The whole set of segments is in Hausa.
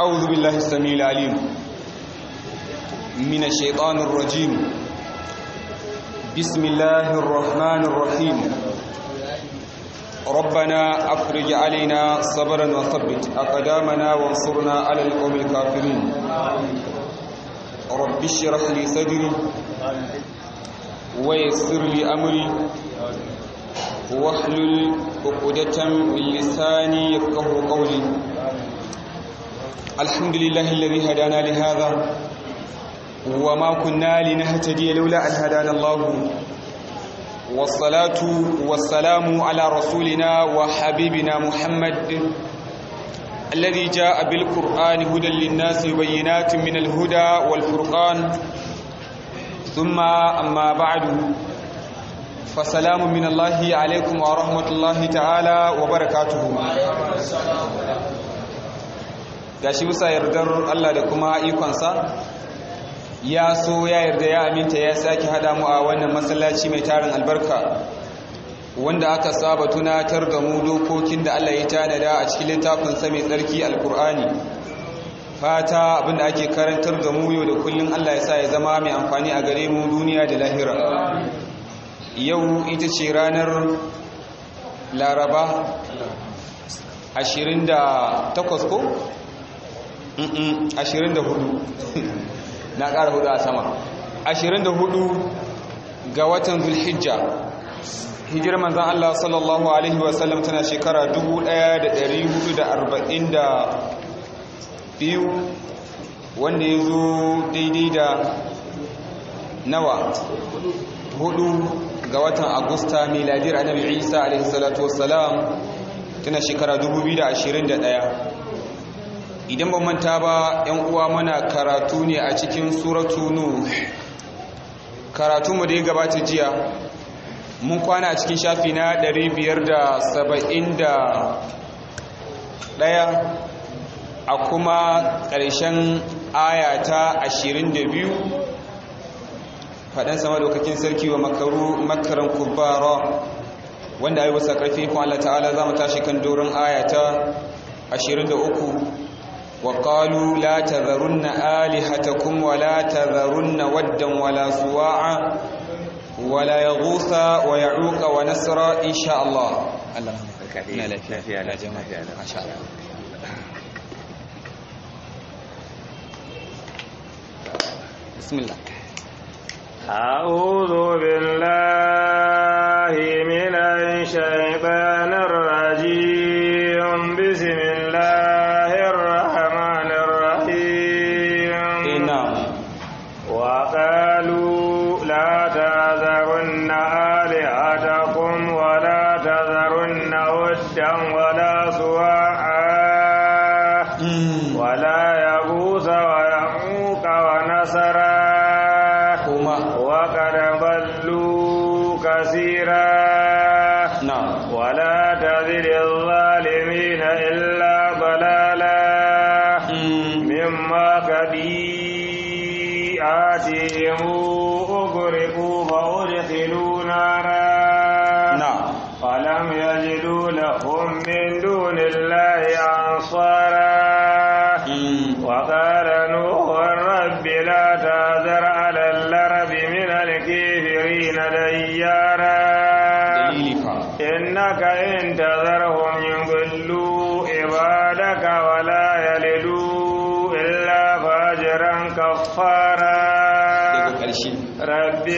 أعوذ بالله السميع العليم من الشيطان الرجيم بسم الله الرحمن الرحيم ربنا أفرج علينا صبرا وثبت أقدامنا وانصرنا على القوم الكافرين رب اشرح لي صدري ويسر لي أمري واحلل عقدة من لساني يفقه قولي الحمد لله الذي هدانا لهذا وما كنا لنهتدي لولا أن هدانا الله والصلاة والسلام على رسولنا وحبيبنا محمد الذي جاء بالقرآن هدى للناس وبينات من الهدى والفرقان ثم أما بعد فسلام من الله عليكم ورحمة الله تعالى وبركاته shi bisa yardar Allah da kuma ikonsa ya so ya yarda ya aminta ya sake hada mu a wannan masallaci mai tarin albarka wanda aka saba tunatar da mu dokokin da Allah ya tanada a cikin littafin sa mai tsarki alkur'ani fata abinda ake karantar da mu yau da kullun Allah ya sa ya zama mai amfani a gare mu duniya da lahira yau ita ce ranar laraba 28 ko 24 na ƙara hudu a sama ashirin da ga watan zulhijja hijirar manzan Allah sallallahu Alaihi wasallam tana shekara 1442 wanda ya zo daidai da nawa 4 ga watan agusta miladiyar annabi isa alaihi salatu wasalam tana shekara 2021 idan ba manta ba yan uwa mana karatu ne a cikin suratu nu. karatu mu da ya gabata jiya mun kwana a cikin shafi na 571 a kuma ƙarshen aya ta 22 faɗin sama dokakin sarki wa makaru makaran kubara wanda ayi wasa ƙarfi kuma Allah ta'ala za mu tashi kan doron aya ta 23 وقالوا لا تذرن آلهتكم ولا تذرن ودا ولا سواعا ولا يغوث ويعوق ونسرا إن شاء الله ما شاء الله بسم الله أعوذ بالله من الشيطان سيئاتهم أغرقوا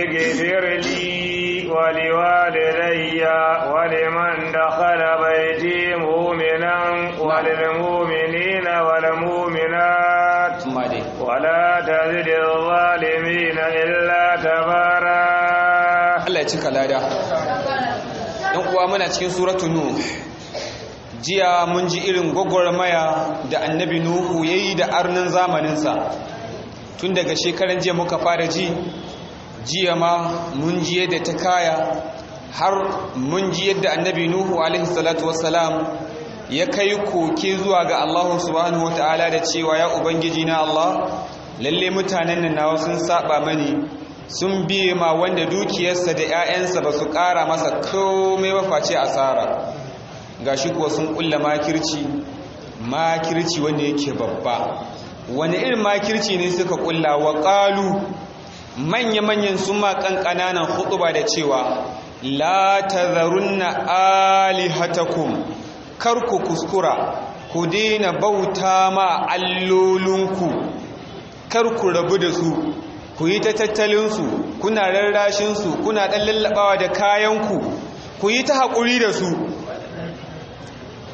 اغفر لي ولوالدي ولمن دخل بيتي مؤمنا وللمؤمنين والمؤمنات ولا تزد الظالمين إلا تبارا Allah ya cika lada ɗan uwa muna cikin suratu nuh jiya mun ji irin gwagwarmaya da annabi nuhu ya yi da arnin zamaninsa tun daga shekaran jiya muka fara ji jiya ma mun ji yadda ta kaya har mun ji yadda annabi nuhu alaihi salatu wassalam ya kai koke zuwa ga Allah subhanahu ta'ala da cewa ya ubangiji na Allah lalle mutanen nan nawa sun saba mani sun biye ma wanda dukiyarsa da 'ya'yansa ba su ƙara masa komai ba face asara gashi kuwa sun ƙulla makirci makirci wanda yake babba wani irin makirci ne suka kulla wa ƙalu manya-manyan sun makan ƙananan huɗuba da cewa la tazarunna alihatakum kar ku kuskura ku daina bauta ma allolinku karku rabu da su ku yi ta tattalinsu kuna rarrashinsu kuna ɗan lallaɓawa da kayanku ku yi ta haƙuri da su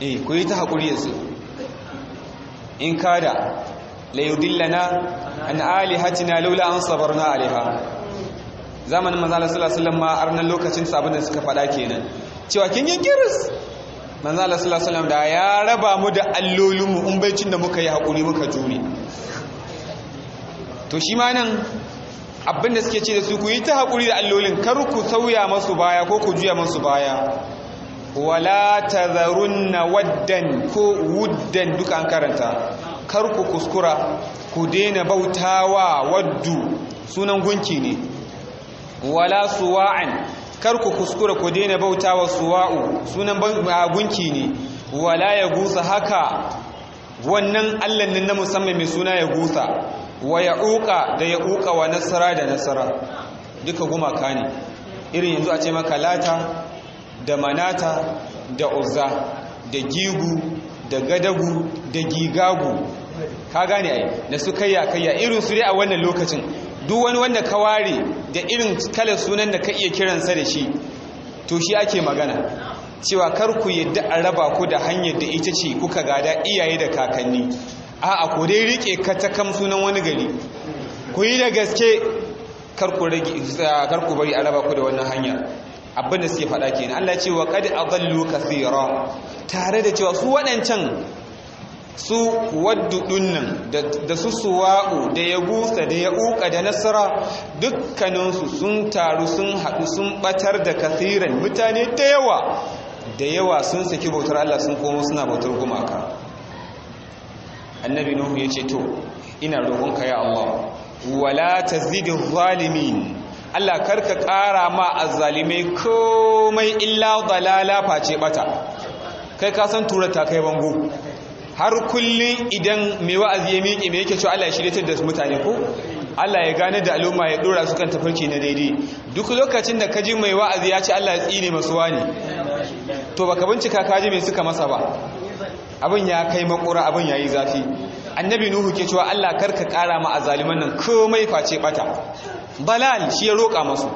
eh ku yi ta haƙuri da su in kada la yudillana an alihatina laula an sabarna alaiha zamanin manzo Allah sallallahu alaihi wasallam ma arnan lokacin sabon da suka faɗa kenan cewa kin yi kiris manzo Allah sallallahu alaihi wasallam da ya raba mu da allolinmu in baicin da muka yi hakuri muka jure to shi ma nan abinda suke ce da su ku yi ta hakuri da allolin kar ku sauya masu baya ko ku juya masu baya wala tazarunna waddan ko wuddan duka an karanta karku ku kuskura ku daina bautawa waddu sunan gunki ne wala suwa'an kar ku kuskura ku daina bautawa suwa'u sunan gunki ne wala ya gusa haka wannan allan nan na musamman mai suna ya gusa wa ya uka da ya uka wa nasara da nasara duka gumaka ne irin yanzu a ce maka lata da manata da uzza da gigu da gadagu da gigagu ka gane ai da su kayya kayya irin su dai a wannan lokacin duk wani wanda ka ware da irin kalar sunan da ka iya kiransa da shi to shi ake magana cewa kar ku yadda a raba ku da hanyar da ita ce kuka gada iyaye da kakanni a'a ku dai rike kam sunan wani gari ku yi da gaske kar ku bari a raba ku da wannan hanya abin da suke faɗa kenan Allah ce wa qad adallu kasira tare da cewa su waɗancan su waddu da su suwa'u da ya gusa da ya uka da nasara dukkaninsu sun taru sun haɗu sun ɓatar da kasiran mutane da yawa da yawa sun saki bautar Allah sun komo suna bautar gumaka annabi nuhu ya ce to ina roƙonka ya Allah wala tazidin zalimin Allah kar ka ƙara ma azzalimai komai illa dalala face bata kai ka san tura ta kai bango har kullum idan mai wa'azi ya miƙe mai yake cewa Allah ya shirye da mutane ko Allah ya gane da al'umma ya dora su kan tafarki na daidai duk lokacin da kaji mai wa'azi ya ce Allah ya tsine masu wani to baka bincika kaji mai suka masa ba abin ya kai makura abin yayi zafi annabi nuhu ke cewa Allah karka ƙara ma azaliman nan komai face bata balal shi ya roƙa masu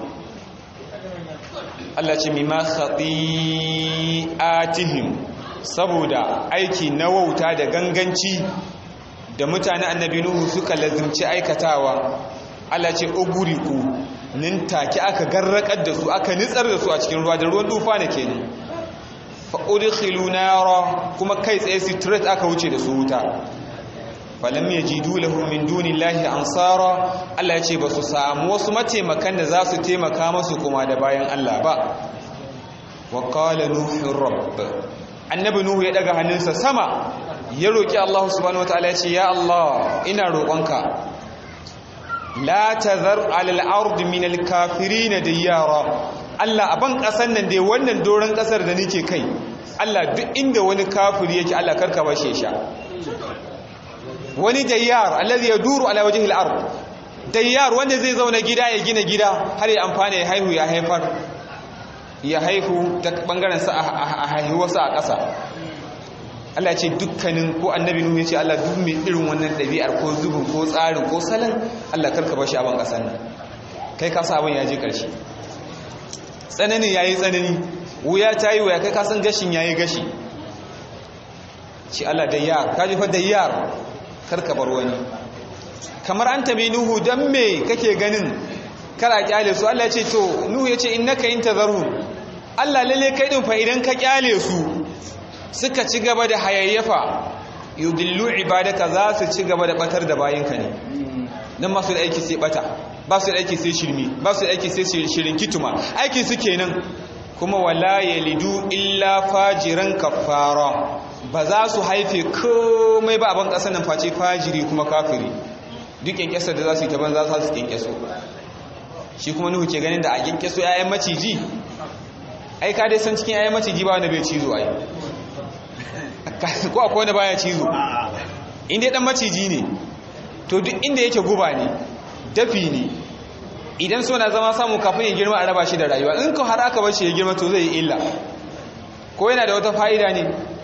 Allah ce mimma khati'atihim saboda aiki na wauta da ganganci da mutane annabi nuhu suka lazimci aikatawa Allah ce oguriku nin take aka garrakar da su aka nitsar da su a cikin ruwa da ruwan dufa ne kenan fa na kuma kai tsaye sitret aka wuce da su wuta falam yajidu lahum min dunillahi ansara Allah ya ce ba su samu wasu mataimakan da za su taimaka musu kuma da bayan Allah ba wa qala nuhu rabb annabi nuhu ya daga hannunsa sama ya roki Allah subhanahu wataala ya ce ya Allah ina roƙonka la tazar alal ard min al kafirin diyara Allah aban kasan nan dai wannan doron kasar da nake kai Allah duk inda wani kafiri yake Allah karka bashe sha wani dayyar allazi yaduru ala wajhi al-ard dayyar wanda zai zauna gida ya gina gida har ya amfana ya haihu ya haifar ya haihu ta bangaren sa a haihuwarsa a ƙasa Allah ya ce dukkanin ko annabi nuhu ce Allah duk mai irin wannan ɗabi'ar ko zubin ko tsarin ko salon Allah karka bar shi a ban ƙasar nan kai ka sa abin ya je ƙarshe tsananin yayi tsanani wuya ta yi wuya kai ka san gashin yayi gashi shi Allah da yar ka ji fa da yar karka bar wani kamar an tabi nuhu dan me kake ganin kara kyale su Allah ya ce to nuhu ya ce in innaka intazarhu Allah lalle kai din fa idan ka kyale su suka ci gaba da hayayyafa yudillu ibadaka za su ci gaba da batar da bayinka ne dan masu da aiki sai bata ba su aiki sai shirmi ba su aiki sai shirin kituma aiki su kenan kuma wala yalidu illa fajiran kafara ba za su haife komai ba abin kasar nan face fajiri kuma kafiri duk kyankyasar da za su yi ta ban za su kyankyaso shi kuma nuhu ke ganin da a kyankyaso yayan maciji ai ka dai san cikin yayan maciji ba wanda bai cizo ai ko akwai wanda baya cizo inda dan maciji ne to duk inda yake guba ne dafi ne idan so na zama samu kafin ya girma a raba shi da rayuwa in ka har aka bar shi ya girma to zai yi illa ko yana da wata fa'ida ne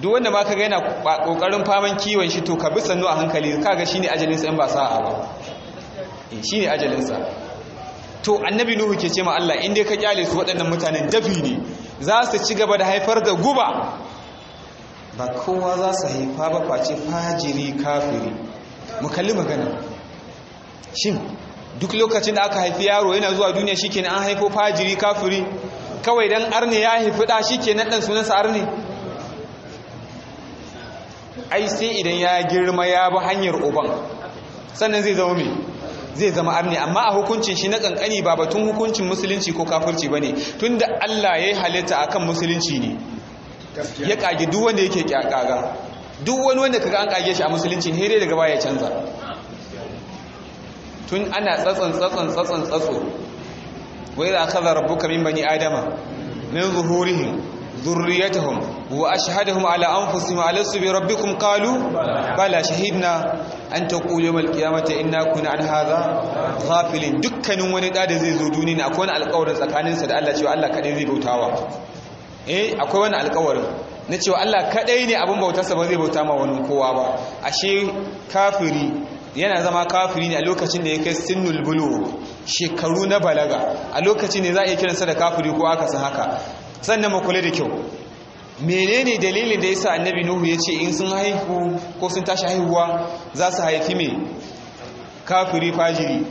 duk wanda ma kaga yana kokarin faman kiwon shi to ka bi sannu a hankali kaga shine ne sa in ba sa'a ba eh shine ajalinsa to annabi nuhu ke ce ma Allah in ka kyale su waɗannan mutanen dafi ne za su ci gaba da haifar da guba ba kowa za su haifa ba kwace fajiri kafiri mu kalli magana shin duk lokacin da aka haifi yaro yana zuwa duniya shikenan an haifo fajiri kafiri kawai dan arne ya haifi da ke dan sunansa arne ai sai idan ya girma ya bi hanyar uban sannan zai zama mai zai zama arne amma a hukuncin shi na kankani ba batun hukuncin musulunci ko kafirci Tun da Allah ya yi halitta akan musulunci ne ya kage duk wanda yake kyakaga duk wani wanda ga an kage shi a musulunci ne dai daga baya canza tun ana tsatsan tsatsan tsatsan tsatso wa idza akhadha rabbuka min bani adama min zuhurihim dhurriyyatahum wa ashhadahum ala anfusihim alastu bi rabbikum qalu bala shahidna an taqulu yawmal qiyamati inna kunna an hadha ghafilin dukkanin wani da zai zo duniya akwai wani alƙawarin tsakaninsa da Allah cewa Allah kadai zai bautawa eh akwai wani alƙawarin na cewa Allah kaɗai ne abin bautarsa ba zai bauta ma wani kowa ba ashe kafiri yana zama kafiri ne a lokacin da ya kai sinul bulu shekaru na balaga a lokacin ne za a iya kiransa da kafiri ko aka san haka sannan mu da kyau menene dalilin da yasa annabi nuhu ya ce in sun haihu ko sun tashi haihuwa za su haifi me kafiri fajiri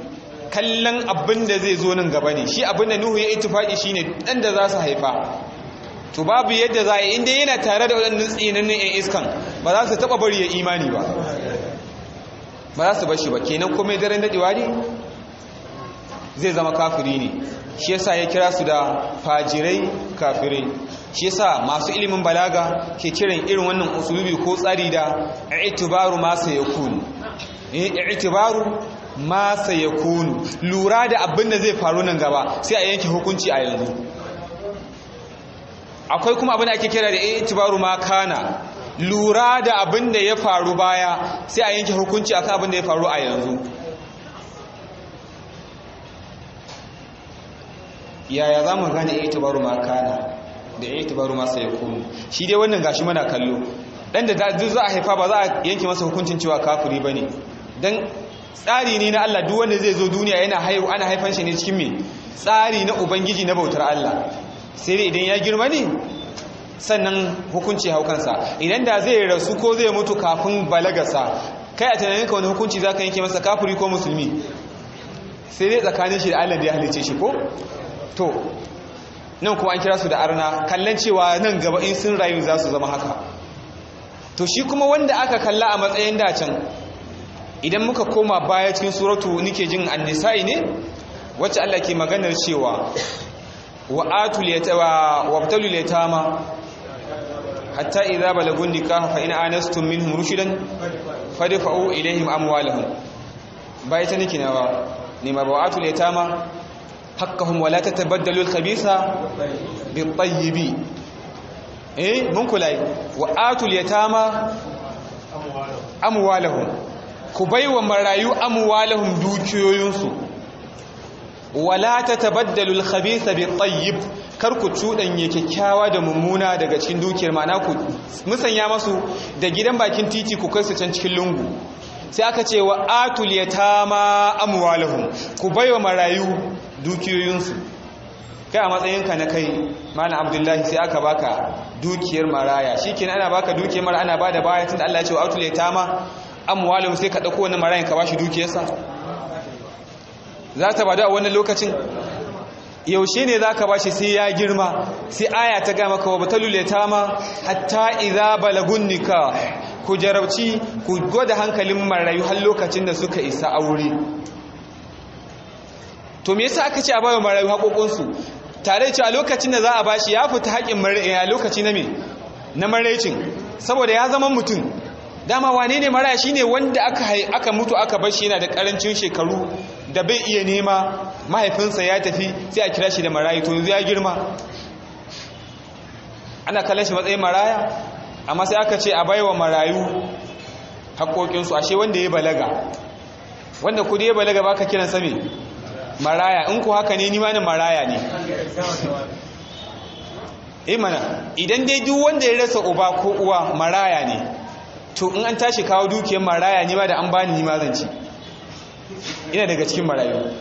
kallon abin da zai zo nan gaba ne shi abin da nuhu ya shi shine dan da za su haifa to babu yadda za a yi inda yana tare da waɗannan tsinannen 'yan iskan ba za su taɓa bari ya imani ba ba za su bar shi ba kenan komai daren dadewa ne zai zama kafiri ne shi yasa ya kira su da fajirai kafirai shi yasa masu ilimin balaga ke kiran irin wannan usulubi ko tsari da i'tibaru masa ya kunu eh, i'tibaru ya kunu lura da abin da zai faru nan gaba sai a yanke hukunci a yanzu akwai kuma abin da ake kira da i'tibaru ma kana lura da abin da ya faru baya sai a yanke hukunci akan abin da ya faru a yanzu yaya za mu gane itibaru ma kana da itibaru ma sai shi dai wannan gashi muna kallo dan da duk za a haifa ba za a yanke masa hukuncin cewa kafiri bane dan tsari ne na Allah duk wanda zai zo duniya yana haihu ana haifan shi ne cikin me tsari na ubangiji na bautar Allah sai dai idan ya girma ne sannan hukunci haukansa idan da zai rasu ko zai mutu kafin balagarsa kai a tunaninka wani hukunci za ka yanke masa kafuri ko musulmi sai dai tsakanin shi da allah da ya halice shi ko to nan kuma an kira su da arna kallon cewa nan gaba in sun rayu za su zama haka to shi kuma wanda aka kalla a matsayin dacin idan muka koma baya cikin suratu nike jin annisa'i ne wacce allah ke maganar cewa wa atul yatama hatta idza balagun nikaha fa in anastum minhum rushidan fadfa'u ilayhim amwalahum ba ta niki na ba ni ne mabawatul yatama haqqahum wa la tatabaddalu al-khabitha bit-tayyibi eh mun kula wa atul yatama amwalahum ku bai wa marayu amwalahum dukiyoyinsu wala tabaddalu al-khabitha bi tayyib kar ku cudanye kyakkyawa da mummuna daga cikin dukiyar ma'ana ku musanya masu da gidan bakin titi ku kai su can cikin lungu sai aka ce wa atul yatama amwaluhum ku baiwa marayu dukiyoyinsu kai a matsayinka na kai malam abdullahi sai aka baka dukiyar maraya shikenan ana baka dukiyar maraya ana bada baya da Allah ya ce wa atul yatama amwaluhum sai ka dauko wani marayan ka bashi dukiyarsa za ta bada a wannan lokacin yaushe ne za ka ba shi sai ya girma sai aya ta gama kawo batalule ta ma hatta iza balagunnika ku jarabci ku gwada hankalin marayu har lokacin da suka isa aure to me yasa aka ce a bawa marayu haƙoƙinsu tare ce a lokacin da za a bashi ya fita haƙin marayu a lokaci na me na maraicin saboda ya zama mutum dama wane ne shi ne wanda aka mutu aka bashi yana da karancin shekaru da bai iya nema mahaifinsa ya tafi sai a kira shi da marayi to ya girma ana kallon shi matsayin maraya amma sai aka ce a baiwa marayu haƙoƙinsu ashe wanda ya balaga wanda kudu ya balaga ba ka kiran sami maraya in ku haka ne nimanin maraya ne imana eh idan dai duk wanda ya rasa uba ko uwa maraya ne to in an tashi kawo dukiyar maraya ne ma da an bani nima zance ina daga cikin marayu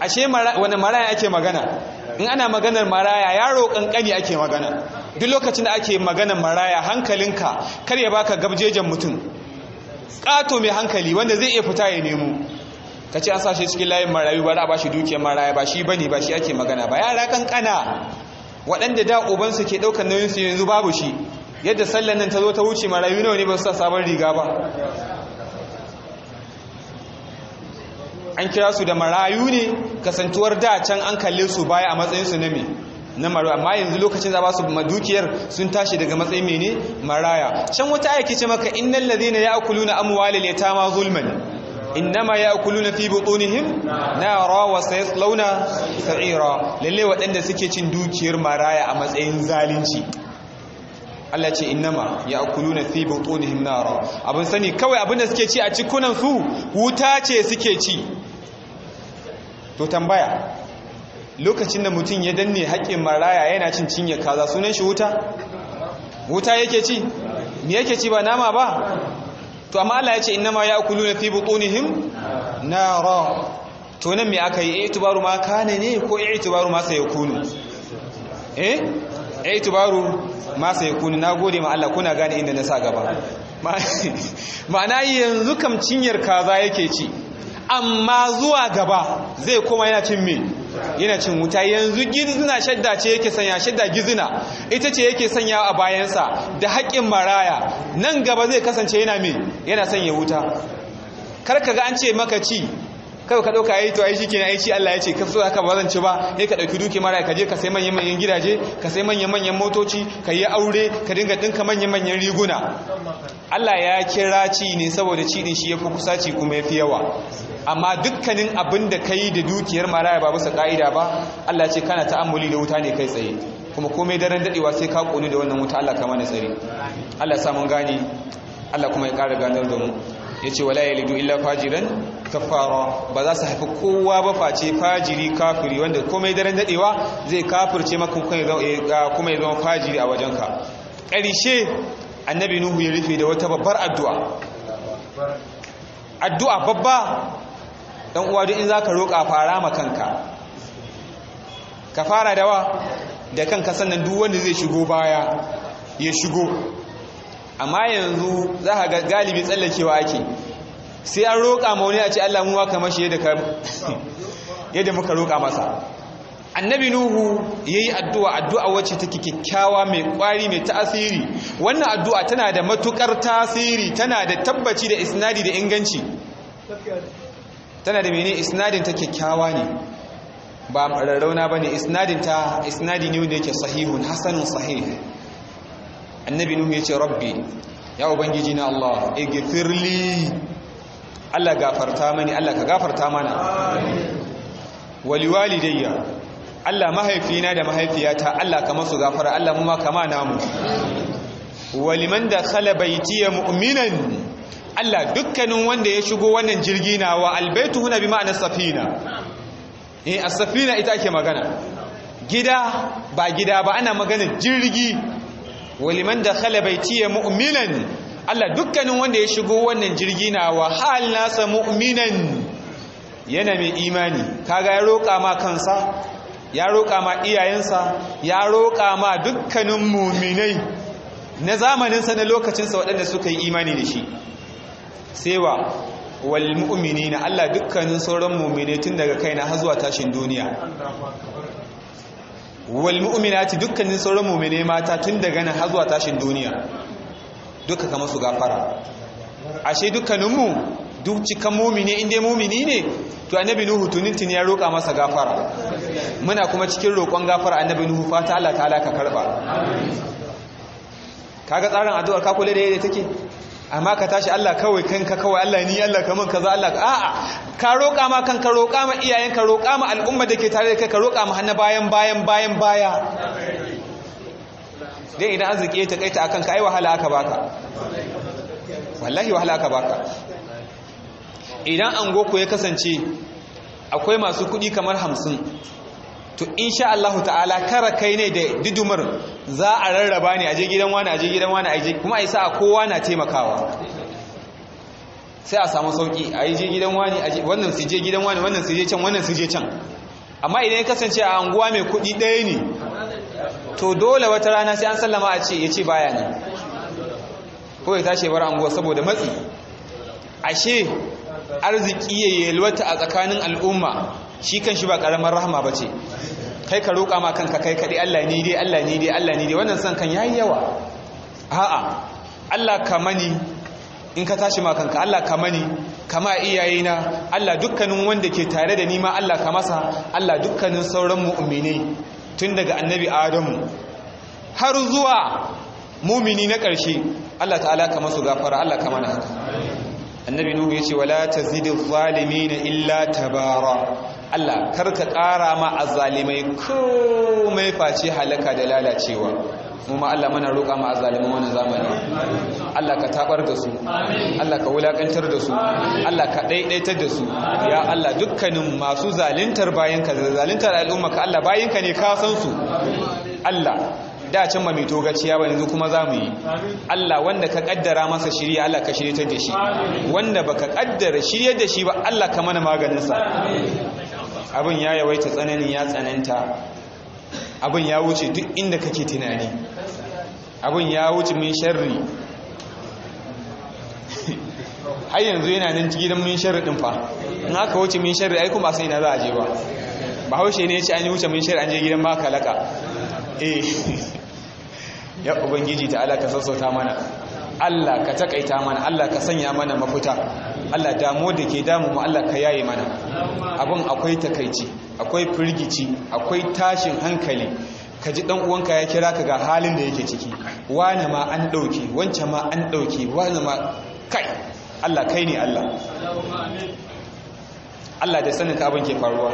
ashe wani maraya ake magana in ana maganar maraya yaro kankani ake magana duk lokacin da ake maganar maraya hankalinka kar ya baka gabjejen mutum kato mai hankali wanda zai iya fita ya nemo ka ce an sashe cikin layin marayu ba za a ba shi dukiyar maraya ba shi bane ba shi ake magana ba yara kankana waɗanda da ubansu ke ɗaukar nauyin su yanzu babu shi yadda sallar nan ta zo ta wuce marayu nawa ne ba su sa sabon riga ba an kira su da marayu ne kasantuwar da can an kalle su baya a matsayin su na me na marayu amma yanzu lokacin za ba su madukiyar sun tashi daga matsayin mene maraya can wata aiki ce maka innal ladina ya'kuluna amwalil yatama zulman innama ya'kuluna fi butunihim nara wa sayaslawna sa'ira lalle waɗanda suke cin dukiyar maraya a matsayin zalunci Allah ce innama ya na fi butunihim nara abin sani kawai abin da suke ci a cikunan su wuta ce suke ci to tambaya lokacin da mutum ya danne haƙƙin maraya yana cin cinye kaza sunan shi wuta wuta yake ci me yake ci ba nama ba to amma Allah ya ce innama ya na fi butunihim nara to nan me aka yi itibaru ma kane ne ko itibaru ma kunu? eh ai eh, tubaru ma sai kuni gode ma Allah kuna gane inda na sa gaba ma'ana yanzu kam cinyar kaza yake ci amma zuwa gaba zai kuma yana cin me yana cin wuta yanzu gizna shadda ce yake sanya shadda gizuna ita ce yake sanya a bayansa da haƙƙin maraya nan gaba zai kasance yana me yana sanya wuta kar ga an ce maka ci kai ka dauka ai to ai shikenan ai shi Allah ya ce ka so haka ba zan ci ba ne ka dauki duki mara ka je ka sai manyan manyan gidaje ka sai manyan manyan motoci ka yi aure ka dinga dinka manyan manyan riguna Allah ya kira ci ne saboda ci din shi kusa ci kuma ya fi yawa amma dukkanin abin da kai da dukiyar maraya ba bisa ka'ida ba Allah ya ce kana ta'ammuli da wuta ne kai tsaye kuma komai daren dadewa sai ka koni da wannan wuta Allah ka mana tsare Allah ya sa mun gane Allah kuma ya ƙara ganar da mu ya ce wala ya yalidu illa fajiran kafara ba za su haifi kowa ba face fajiri kafiri wanda komai daren daɗewa zai kafirce maka kuma ya zama eh, ah, fajiri a wajen ka. ƙarshe annabi nuhu ya rufe da wata babbar addu'a addu'a babba dan uwa duk in ka roƙa fara ma kanka ka fara dawa da kanka sannan duk wanda zai shigo baya ya shigo amma yanzu za ka ga galibi tsallakewa ake sai an roƙa mauni a ce Allah mu kamar shi yadda muka roƙa masa annabi nuhu ya yi addu'a addu'a wacce ta kikkiawa mai ƙwari mai ta'asiri wannan addu'a tana da matuƙar tasiri tana da tabbaci da isnadi da inganci tana da mene isnadin ta kikkiawa ne ba rarrauna ba ne isnadin ta isnadi ne wanda yake sahihun hasanun sahih annabi nuhu ya ce rabbi ya ubangiji na Allah igfirli Allah gafarta mani Allah ka gafarta mana waliwalidayya Allah mahaifina da mahaifiyata Allah ka masu gafara Allah mu ma kama namu waliman da khala baitiya mu'minan Allah dukkanin wanda ya shigo wannan jirgi na wa albaitu huna bi ma'anar safina eh as-safina ita ake magana gida ba gida ba ana magana jirgi waliman da khalabaitiya mu'minan Allah dukkanin wanda ya shigo wannan jirgi na wa hal nasa mu'minan yana mai imani kaga ya roƙa ma kansa ya roƙa ma iyayensa ya roƙa ma dukkanin muminai na zamaninsa na lokacinsa waɗanda suka yi imani da shi sewa wal mu'minina na Allah dukkanin sauran muminai tun daga kaina har zuwa tashin duniya wal mu'minati dukkanin sauran mu'mine mata tun daga nan har zuwa tashin duniya duka kama su gafara ashe dukkaninmu duk cikan mu'mine inda mu'mini ne to annabi nuhu tunintin ya roka masa gafara muna kuma cikin roƙon gafara annabi nuhu fata Allah ta'ala ka karba kaga tsarin addu'ar ka kula da yadda take amma ka tashi Allah kawai kanka kawai Allah ni Allah kaman kaza Allah a'a ka roƙa ma kan ka roƙa ma iyayen ka roƙa ma al'umma da ke tare da kai ka roƙa ma hannu bayan bayan bayan baya dai idan arziki ya takaita akan ka ai wahala aka baka wallahi wahala aka baka idan ango ku ya kasance akwai masu kuɗi kamar hamsin to insha Allah ta'ala kara kai ne da didumar za a rarraba ne a je gidan wani a je gidan wani je kuma a isa kowa na taimakawa sai a samu sauki a yi je gidan wani je wannan su je gidan wani wannan su je can wannan su je can amma idan ya kasance a anguwa mai kuɗi ɗaya ne to dole wata rana sai an sallama a ce ya ce baya ne ko ya tashi bar anguwa saboda matsi ashe arziki ya yalwata a tsakanin al'umma shi kan shi ba karamar rahama ba ce kai ka roƙa ma kanka kai kaɗi Allah ni dai Allah ni dai Allah ni dai wannan san kan yayi yawa a'a Allah ka mani in ka tashi ma kanka Allah ka mani kama iyayena Allah dukkanin wanda ke tare da ni ma Allah ka masa Allah dukkanin sauran mu'mini tun daga annabi Adamu har zuwa mumini na ƙarshe Allah ta'ala ka masu gafara Allah ka mana haka annabi nuhu yace wala tazidiz zalimin illa tabara Allah karka ƙara ma azzalimai komai face halaka da lalacewa mu ma Allah muna roƙa ma azzalimai wannan zamani Allah ka tabar da su Allah ka wulakantar da su Allah ka ɗaiɗaitar da su ya Allah dukkanin masu zalintar bayanka da zalintar al'umma ka Allah bayanka ne ka san su Allah da can ba mai togaciya ba yanzu kuma za mu yi Allah wanda ka kaddara masa shirya Allah ka shirya da shi wanda baka kaddara shirya da shi ba Allah ka mana maganinsa abin ya yawaita tsananin ya tsananta abin ya wuce duk inda kake tunani abin ya wuce min sharri har yanzu yana nan gidan min sharri din fa in aka wuce min sharri ai kuma sai na za a je ba bahaushe ne ya ci an yi wuce min sharri an je gidan ba kalaka eh ya ubangiji ta ala ka sassauta mana Allah ka takaita mana Allah ka sanya mana mafita Allah damu da ke damu mu Allah ka yaye mana abin akwai takaici akwai firgici akwai tashin hankali ka ji dan uwanka ya kira ka ga halin da yake ciki wani ma an ɗauki wancan ma an ɗauki wani ma kai Allah kai ne Allah Allah da sanin ka abin ke faruwa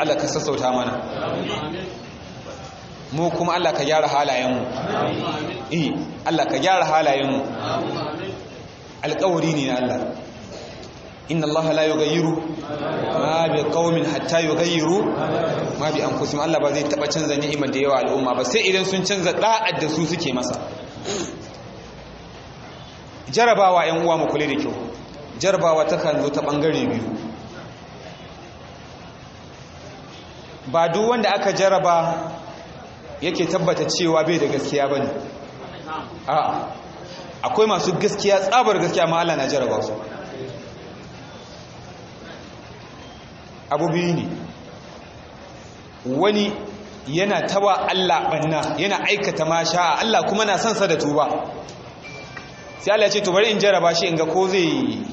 Allah ka sassauta mana mu kuma Allah ka gyara halayenmu eh Allah ka gyara halayenmu alƙawari ne na Allah inna allaha la yughayyiru ma bi qaumin hatta yughayyiru ma bi anfusihim Allah ba zai taba canza ni'imar da yawa al'umma ba sai idan sun canza da'ar da su suke masa jarabawa yan uwa mu kula da kyau jarabawa ta kan zo ta bangare biyu ba duk wanda aka jaraba yake tabbata cewa bai da gaskiya bane a'a akwai masu gaskiya tsabar gaskiya ma Allah na jaraba su abu biyu ne wani yana tawa Allah banna yana aikata ma Allah kuma na son sa da tuba sai Allah ya ce to bari in jaraba shi in ga ko zai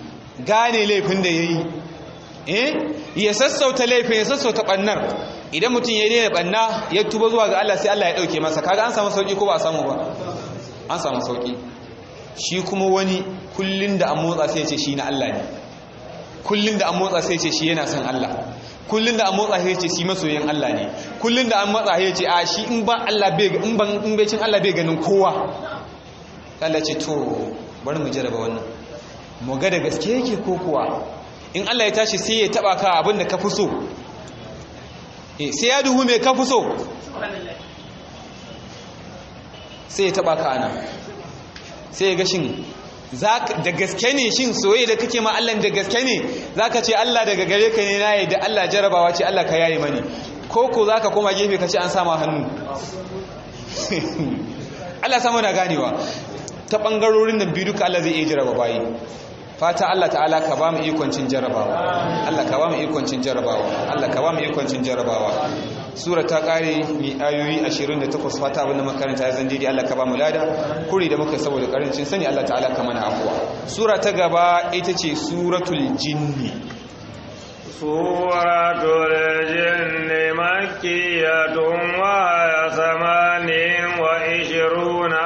gane laifin da yayi eh ya sassauta laifin ya sassauta bannar idan mutum ya daina banna ya tuba zuwa ga Allah sai Allah ya dauke masa kaga an samu sauki ko ba a samu ba an samu sauki shi kuma wani kullun da an motsa sai ya ce shi na Allah ne kullum da an motsa sai ce shi yana son Allah kullum da an motsa sai ce shi masoyin Allah ne kullum da an motsa sai ce a shi in ba Allah bai in ban in bai cin Allah bai ganin kowa Allah ce to bari mu jaraba wannan mu ga da gaske yake ko kuwa in Allah ya tashi sai ya taba ka abin da ka fi so eh sai ya duhu mai ka fi so sai ya taba ka ana sai ya gashin da gaske ne shin soyayya da kake ma Allah da gaske ne zaka ce Allah daga gare ka ne na da Allah jarabawa ce Allah ka yayi mani ko ko zaka koma gefe ka ce an sama hannu Allah samu na ganewa ta bangarorin nan biyu duka Allah zai iya jaraba bayi fata Allah ta'ala ka ba mu jarabawa Allah ka ba mu ikoncin jarabawa Allah ka ba mu jarabawa sura ta kare mai ayoyi 28 fata abinda makaranta ya zan daidai Allah ka ba mu lada kuri da muka saboda karancin sani Allah ta'ala ka mana afuwa sura ta gaba ita ce suratul jinni suratul jinni makkiyatun wa samanin wa ishiruna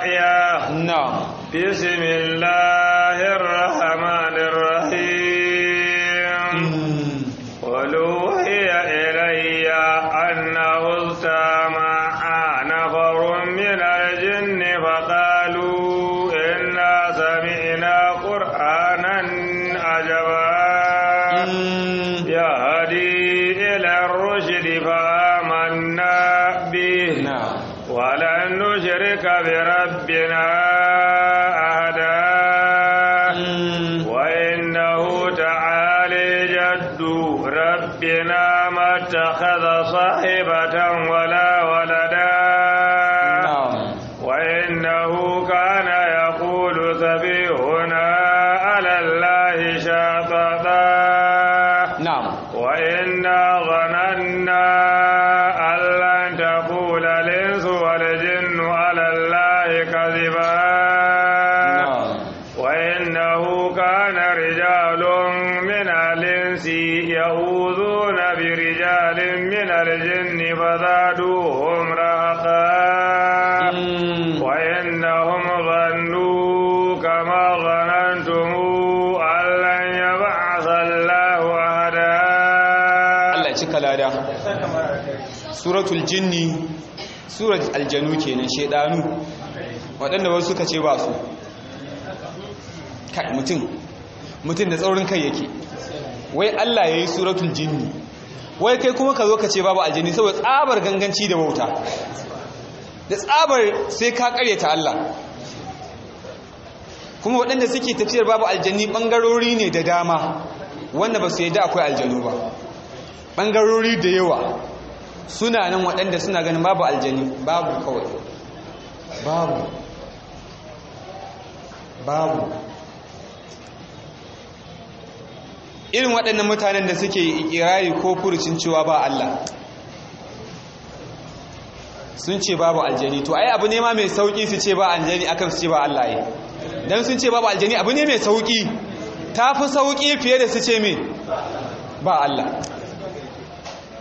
aya na bismillah suratul jinni surat aljanu ke nan shedanu waɗanda wasu suka ce ba su kai mutum mutum da tsaurin kai yake wai Allah ya yi suratul jinni wai kai kuma ka zo ka ce babu aljini saboda tsabar ganganci da wauta da tsabar sai ka karyata Allah kuma waɗanda suke tafiyar babu aljanni ɓangarori ne da dama wanda ba su yadda akwai aljanu ba ɓangarori da yawa suna nan waɗanda suna ganin babu aljani babu kawai babu babu irin waɗannan mutanen da suke ikirari ko furucin cewa ba Allah sun ce babu aljani to ai abu ne ma mai sauki su ce ba aljani akan su ce ba Allah yi dan sun ce babu aljani abu ne mai sauki fi sauki fiye da su ce mai ba Allah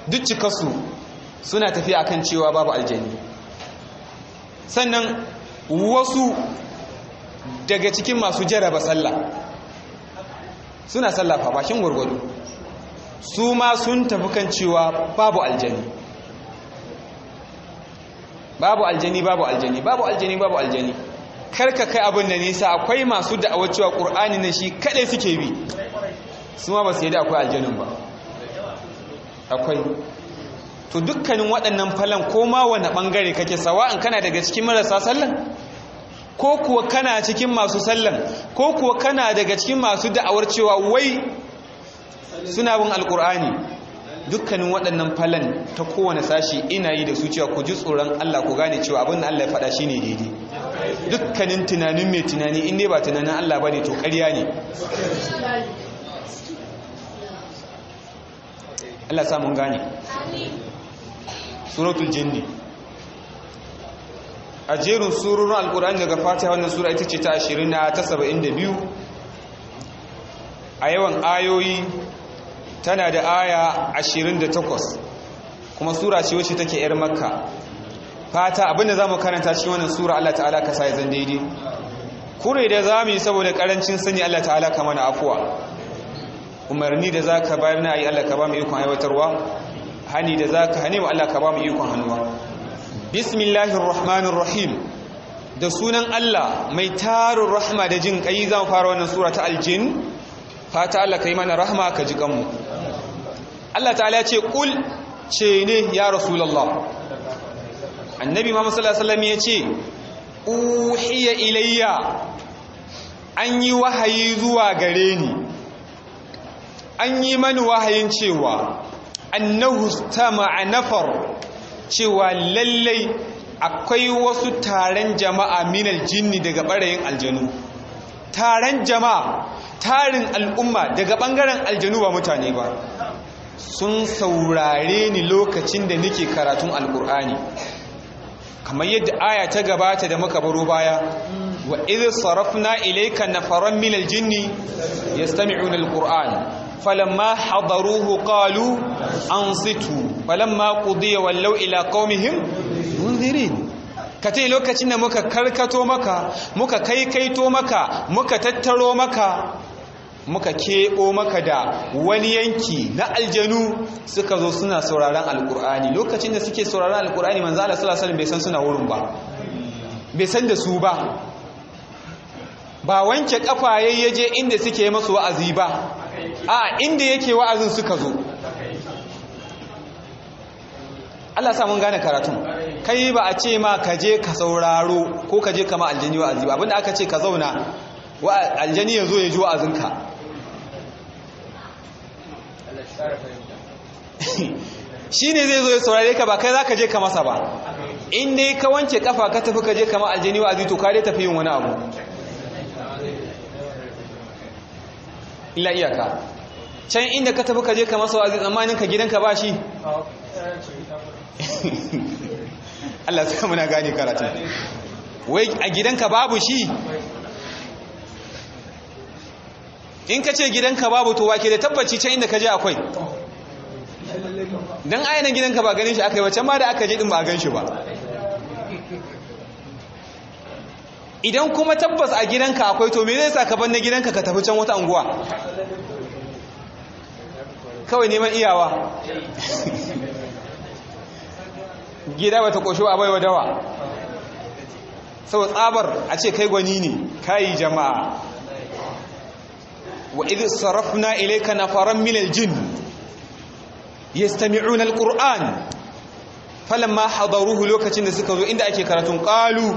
duk cikasu suna tafiya kan cewa babu aljani sannan wasu daga cikin masu jaraba sallah suna sallah fa bakin gwargwado su ma sun tafi kan cewa babu aljani babu aljani babu aljani babu aljani babu aljani karka kai abin da nisa akwai masu da'awar cewa ƙur'ani na shi kadai suke bi su ma ba su yi da akwai aljanin ba akwai to dukkanin waɗannan falon ko ma wani ɓangare kake sawa'an kana daga cikin marasa sallan ko kuwa kana cikin masu sallan ko kuwa kana daga cikin masu da'awar cewa wai suna bin alkur'ani dukkanin waɗannan falon ta kowane sashi ina yi da su cewa ku ji tsoron Allah ku gane cewa abin da Allah ya faɗa shine daidai dukkanin tunanin mai tunani in dai ba tunanin Allah ba ne to ƙarya ne Allah samun mun gane suratul jinni a jerin sururun alkur'an daga fatiha wannan sura ita ce ta 20 na ta 72 a yawan ayoyi tana da aya 28 kuma sura ce wacce take yar makka fata abinda za mu karanta shi wannan sura Allah ta'ala ka sai zan daidai kure da za mu yi saboda karancin sani Allah ta'ala ka mana afuwa umarni da za ka bayar na ayi Allah ka ba mu ikon aiwatarwa hani da za ka hane wa Allah ka ba mu ikon hannuwa bismillahir rahmanir rahim da sunan Allah mai tarin rahma da jin kai zan fara wannan sura ta aljin fata Allah kai mana rahma ka ji kanmu Allah ta'ala ya ce kul ce ne ya rasulullah annabi Muhammad sallallahu alaihi wasallam ya ce uhiya ilayya an yi wahayi zuwa gare ni an yi mani wahayin cewa annahu istama'a nafar cewa lallai akwai wasu taron jama'a minal jinni daga barayin aljanu taron jama'a tarin al'umma daga ɓangaren aljanu ba mutane ba sun saurare ni lokacin da nake karatun Alƙur'ani. kamar yadda aya ta gabata da muka baro baya wa idh sarafna ilayka nafaran minal jinni yastami'una alqur'ana falamma hadaruhu qalu ansitu falamma qudiya wallau ila qaumihim munzirin kace lokacin da muka karkato maka muka kaikaito maka muka tattaro maka muka keɓo maka da wani yanki na aljanu suka zo suna sauraron alkur'ani lokacin da suke sauraron alkur'ani manzo Allah sallallahu alaihi bai san suna wurin ba bai san da su ba ba wanke kafa yayyaje inda suke masu wa'azi ba a inda yake wa'azin suka zo Allah sa mun gane karatun kai ba a ce ma ka je ka sauraro ko ka je kama aljani wa'azi ba abinda aka ce ka zauna aljani ya zo ya ji wa'azinka shi ne zai zo ya saurare ka ba kai za ka je ka masa ba Inda yi ka wanke kafa ka tafi ka je kama aljani wa'azi to ka dai tafi yin wani abu illa iyaka can inda ka tafi ka je ka masa wa'azi tsammanin ka gidanka ba shi Allah sai muna gane karatu wai a gidanka babu shi in ka ce gidanka babu to wake da tabbaci can inda ka je akwai don ayanan gidanka ba ganin shi aka yi can ma da aka je din ba a gan shi ba idan kuma tabbas a gidanka akwai to me zai sa ka banne gidanka ka tafi can wata anguwa kawai neman iyawa gida bata kosho a baiwa dawa sau tsabar a ce kai gwani ne kayi jama'a wa idh milil jin ya sami aljin yastami'una falon ma haɗaruhu lokacin da suka zo inda ake karatun ƙalu.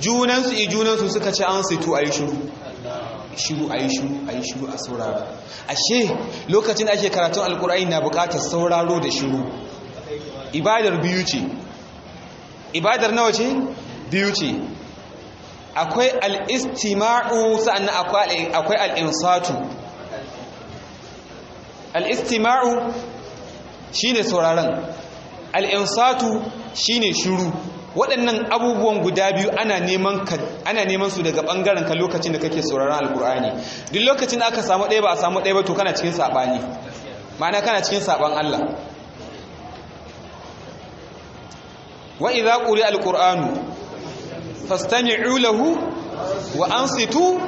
junansu i eh, junansu suka ce an tu a yi shuru shiru a yi shiru a yi shiru a saurara ashe lokacin da ake karatun alkurai na bukatar sauraro da shiru ibadar biyu ce ibadar nawa ce biyu ce akwai al'istima'u sa'annan akwai al'insatu al'istima'u shi ne sauraron al'insatu shi ne shiru waɗannan abubuwan guda biyu ana neman su daga ɓangaren ka lokacin da kake sauraron alkur'ani duk lokacin da aka samu ɗaya ba a samu ɗaya ba to kana cikin saɓani ma'ana kana cikin saɓan Allah wa idza Alƙur'anu, alqur'anu fastami'u ulahu wa ansitu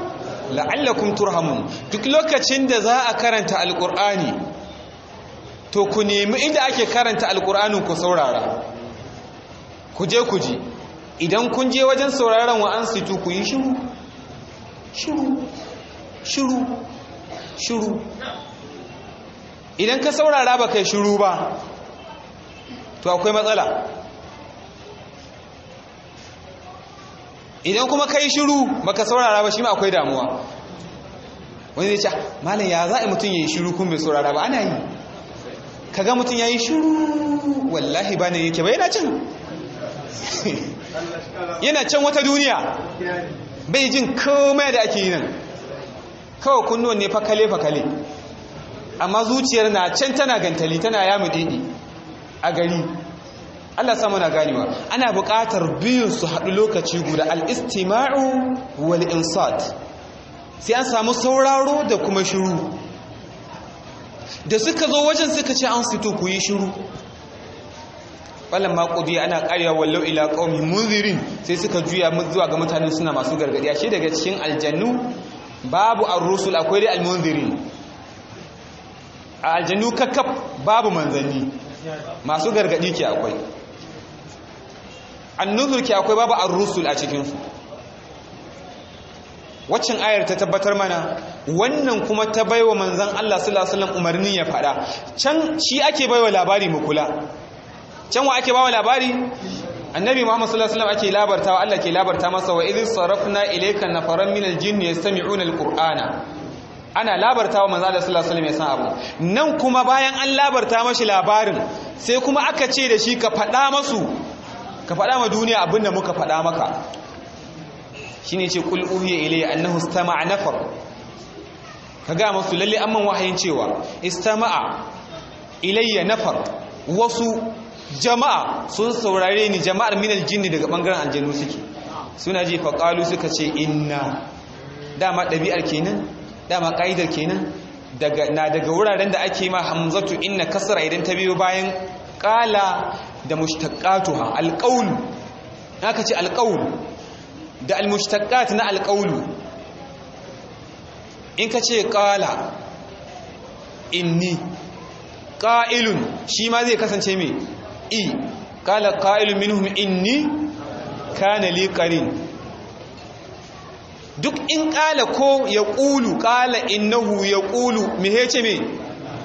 la'allakun turhamun duk lokacin da za a karanta alkur'ani to ku nemi inda ake karanta alkur'anin ku saurara ku je ku ji idan kun je wajen sauraron wa an situ ku yi shiru shiru shiru shiru idan ka saurara ba kai shiru ba to akwai matsala idan kuma kai shiru ba ka saurara ba shi ma akwai damuwa wani zai ce malam ya za'i mutum ya yi shiru kun mai saurara ba ana yi kaga mutum ya yi shiru wallahi ba ne yake bai na cin yana can wata duniya bai jin komai da ake yi nan kawai kunnuwan ne fakale fakale amma zuciyar na can tana gantali tana yamu didi a gari Allah samu na ganewa ana bukatar biyun su haɗu lokaci guda al wal insat sai an samu sauraro da kuma shiru da suka zo wajen suka ce an sito ku yi shiru ƙwallon ma ana karewa wallau ila qaumi munzirin sai suka juya zuwa ga mutanen suna masu gargadiya ashe daga cikin aljannu babu an rusul akwai dai al a aljannu kakkab babu manzanni masu gargadi ke akwai annuzur ke akwai babu an rusul a cikinsu. waccan ayar ta tabbatar mana wannan kuma ta baiwa manzan Allah sallallahu alaihi wasallam umarni ya fada can shi ake baiwa labari mu kula can wa ake bawa labari annabi muhammad sallallahu alaihi wasallam ake labarta wa Allah ke labarta masa wa idh sarafna ilayka nafaran minal jinni yastami'una alqur'ana ana labarta wa manzo Allah sallallahu alaihi wasallam ya san abu nan kuma bayan an labarta mashi labarin sai kuma aka ce da shi ka faɗa masu ka faɗa ma duniya abin da muka faɗa maka shine ce qul uhiya ilayya annahu istama'a nafar ka ga masu lalle amman wahayin cewa istama'a ilayya nafar wasu jama'a sun saurare ni jama'ar minal jinni daga bangaren aljanu suke suna ji faƙalu suka ce inna dama ɗabi'ar kenan dama ƙa'idar kenan na daga wuraren da ake ma hamzatu inna kasara idan ta biyo bayan ƙala da mushtaqatuha alqaulu haka ce alqaulu da almushtaqat na alqaulu in ka ce ƙala inni ƙa'ilun shi ma zai kasance mai i e, kala qa'ilun minhum inni kana li qarin duk in kala ko ya qulu kala innahu ya qulu me yace me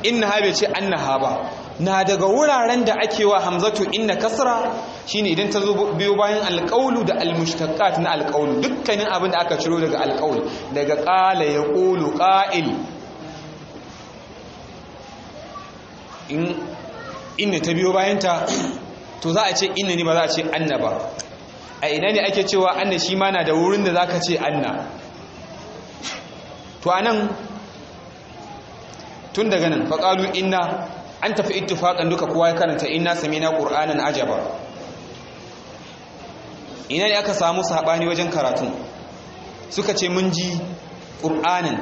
innaha haɓe ce an na haɓa na daga wuraren da ake wa hamzatu inna kasra shine idan ta zo biyo bayan alqaulu da almushtaqat na alqaulu dukkanin abin da aka ciro daga alqaul daga qala yaqulu qa'il in inda ta biyo bayanta to za a ce inda ne ba za a ce anna ba a ina ne ake cewa anna shi mana na da wurin da za ka ce anna to a nan tun daga nan faƙalu inna an tafi ittifaƙan duka kowa ya karanta inna sami na ƙur'anin ajaba ina ne aka samu saɓani wajen karatun suka ce mun ji ƙur'anin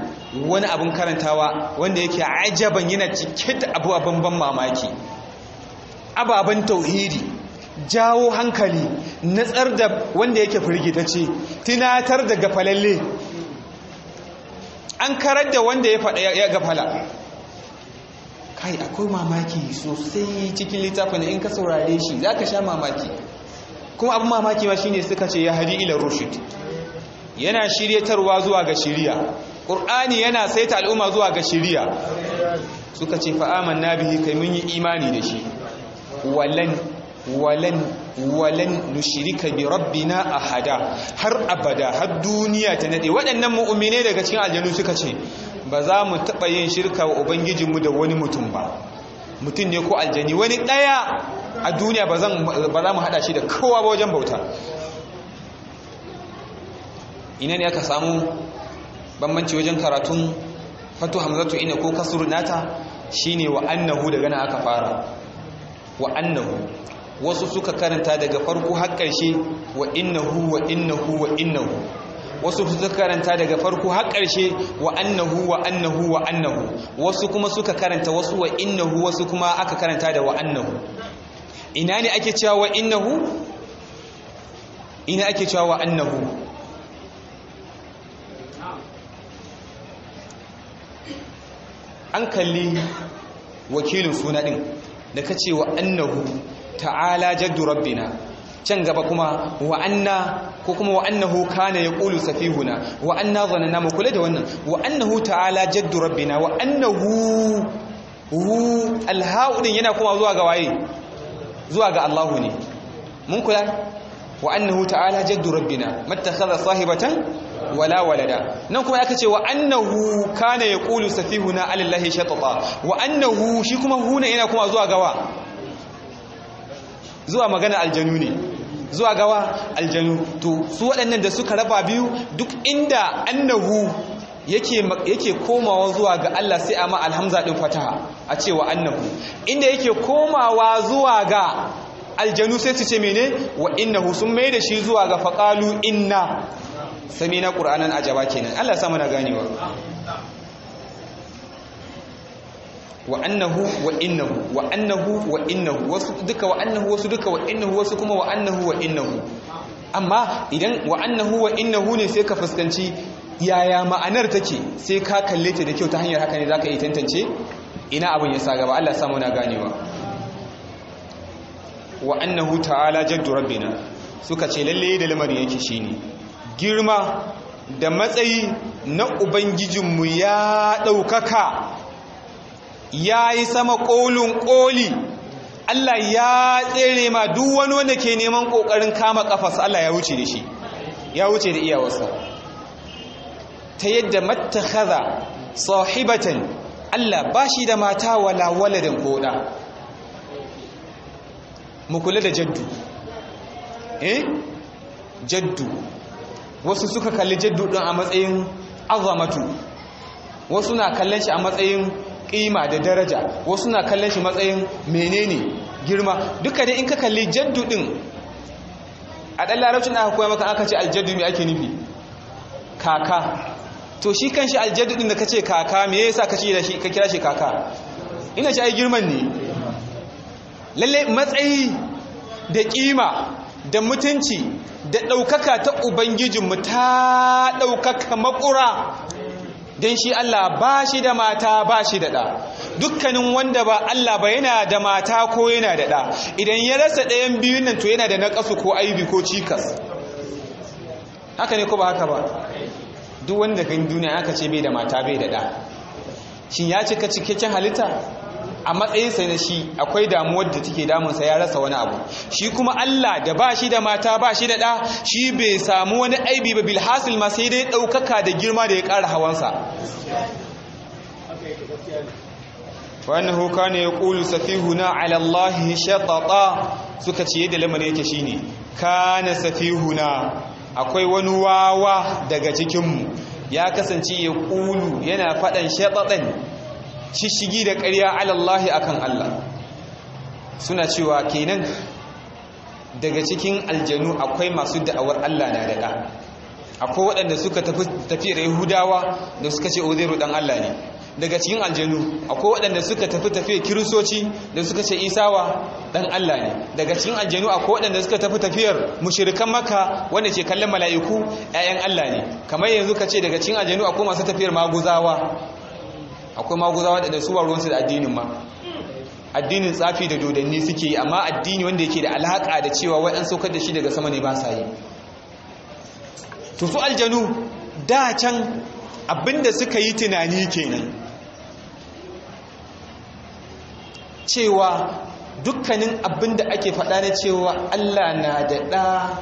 wani abin karantawa wanda yake ajaban yana cike da abu abin ban mamaki ababen tauhidi jawo hankali natsar da wanda yake ce, tunatar da gafalalle an karar da wanda ya gafala kai akwai mamaki sosai cikin littafin in ka saurare shi za ka sha mamaki kuma abin mamaki ma shine suka ce ya hadi ila rushid yana shiryatarwa zuwa ga shiriya ƙur'ani yana saita al'umma zuwa ga shiriya suka ce fa'aman na bihi kai mun yi imani da shi walan walan walan nushrika bi rabbina ahada har abada har duniya ta nade waɗannan mu'mine daga cikin aljanu suka ce ba za mu taɓa yin shirka wa ubangijinmu da wani mutum ba mutum ne ko aljani wani ɗaya a duniya ba za mu haɗa shi da kowa ba wajen bauta ina ne aka samu bambanci wajen karatun fatu hamzatu ina ko kasuru nata shine wa annahu daga nan aka fara wa annahu wasu suka karanta daga farko har ƙarshe wa innahu wa innahu wa innahu wasu suka karanta daga farko har ƙarshe wa annahu wa annahu wa annahu wasu kuma suka karanta wasu wa innahu wasu kuma aka karanta da wa annahu ina ne ake cewa wa innahu ina ake cewa wa annahu an kalli wakilin suna din da ka ce wa annahu ta'ala jaddu rabbina can gaba kuma wa'anna ko kuma wa annahu kana yaqulu safihuna wa Wa'anna zanana mu kula da wannan wa ta'ala jaddu rabbina wa annahu hu alha'u yana kuma zuwa ga waye zuwa ga Allahu ne mun kula wa annahu ta'ala jaddu rabbina mattakhadha sahibatan wala walada nan kuma yake ce wa annahu kana yaqulu safihuna na shatata wa annahu shi kuma huna ina kuma zuwa gawa zuwa magana aljanu ne zuwa gawa aljanu to su waɗannan da suka raba biyu duk inda annahu yake yake komawa zuwa ga Allah sai amma alhamza din fataha a cewa annahu inda yake komawa zuwa ga aljanu sai su ce mene wa innahu sun mai da shi zuwa ga faqalu inna sami na ƙur'anan ajaba kenan Allah sa na ganewa wa annahu wa innahu wa annahu wa innahu wasu duka wa annahu wasu duka wa innahu wasu kuma wa annahu wa innahu amma idan wa annahu wa innahu ne sai ka fuskanci yaya ma'anar take sai ka kalle ta da kyau ta hanyar haka ne zaka yi tantance ina abin ya sa gaba Allah samu na ganewa wa annahu ta'ala jaddu rabbina suka ce lalle da lamarin yake shine girma da matsayi na ubangijinmu ya ɗaukaka ya yi sama ƙolin ƙoli Allah ya tsere ma duk wani wanda ke neman ƙoƙarin kama ƙafas Allah ya wuce da shi ya wuce da iyawarsa ta yadda mattakaza sahibatan Allah ba shi da mata wala waladin koda mu kula da jaddu eh jaddu wasu suka kalli jaddudin a matsayin azamatu wasu na kallon shi a matsayin kima da daraja wasu na kallon shi matsayin menene girma duka dai in ka kalli jaddudin, a ɗan larabcin aka koya maka aka ce aljaddu mai ake nufi kaka to shi kan shi din da ka ce kaka me yasa ka ka kira shi kaka ina shi ai girman ne lalle matsayi da kima da mutunci da ɗaukaka ta ubangijinmu ta ɗaukaka makura don shi Allah ba shi da mata ba shi da ɗa dukkanin wanda ba Allah ba yana da mata ko yana da ɗa idan ya rasa ɗayan biyu nan to yana da nakasu ko aibi ko cikas haka ne ko ba haka ba duk wanda gani duniya aka ce bai da mata bai da ɗa shin ya cika cikakken halitta a matsayinsa na shi akwai damuwar da take damunsa ya rasa wani abu shi kuma Allah da ba shi da mata ba shi da ɗa shi bai samu wani aibi ba bilhassil ma sai dai ɗaukaka da girma da ya ƙara hawansa wani huka ne ya ƙulu safihuna alallahi shataɓa suka ce yadda lamarin yake shi ne kana safihuna akwai wani wawa daga cikinmu ya kasance ya ƙulu yana faɗan shataɓan shishigi da ƙarya alallahi akan Allah suna cewa kenan daga cikin aljanu akwai masu da'awar Allah na daɗa akwai waɗanda suka tafi da yahudawa da suka ce uzairu oh, ɗan Allah ne daga cikin aljanu akwai waɗanda suka tafi tafiye kiristoci da suka ce isawa ɗan Allah ne daga cikin aljanu akwai waɗanda suka tafi tafiyar mushirikan maka wanda ce kallon mala'iku ‘ya'yan Allah ne kamar yanzu ka ce daga cikin aljanu akwai masu tafiyar maguzawa akwai maguzawa da su ba ruwansu da addinin ma addinin tsafi da dodanni suke yi amma addini wanda yake da alaƙa da cewa wai an saukar da shi daga sama ne ba sa yi to su aljanu da can abinda suka yi tunani kenan cewa dukkanin abinda ake faɗa na cewa Allah na da ɗa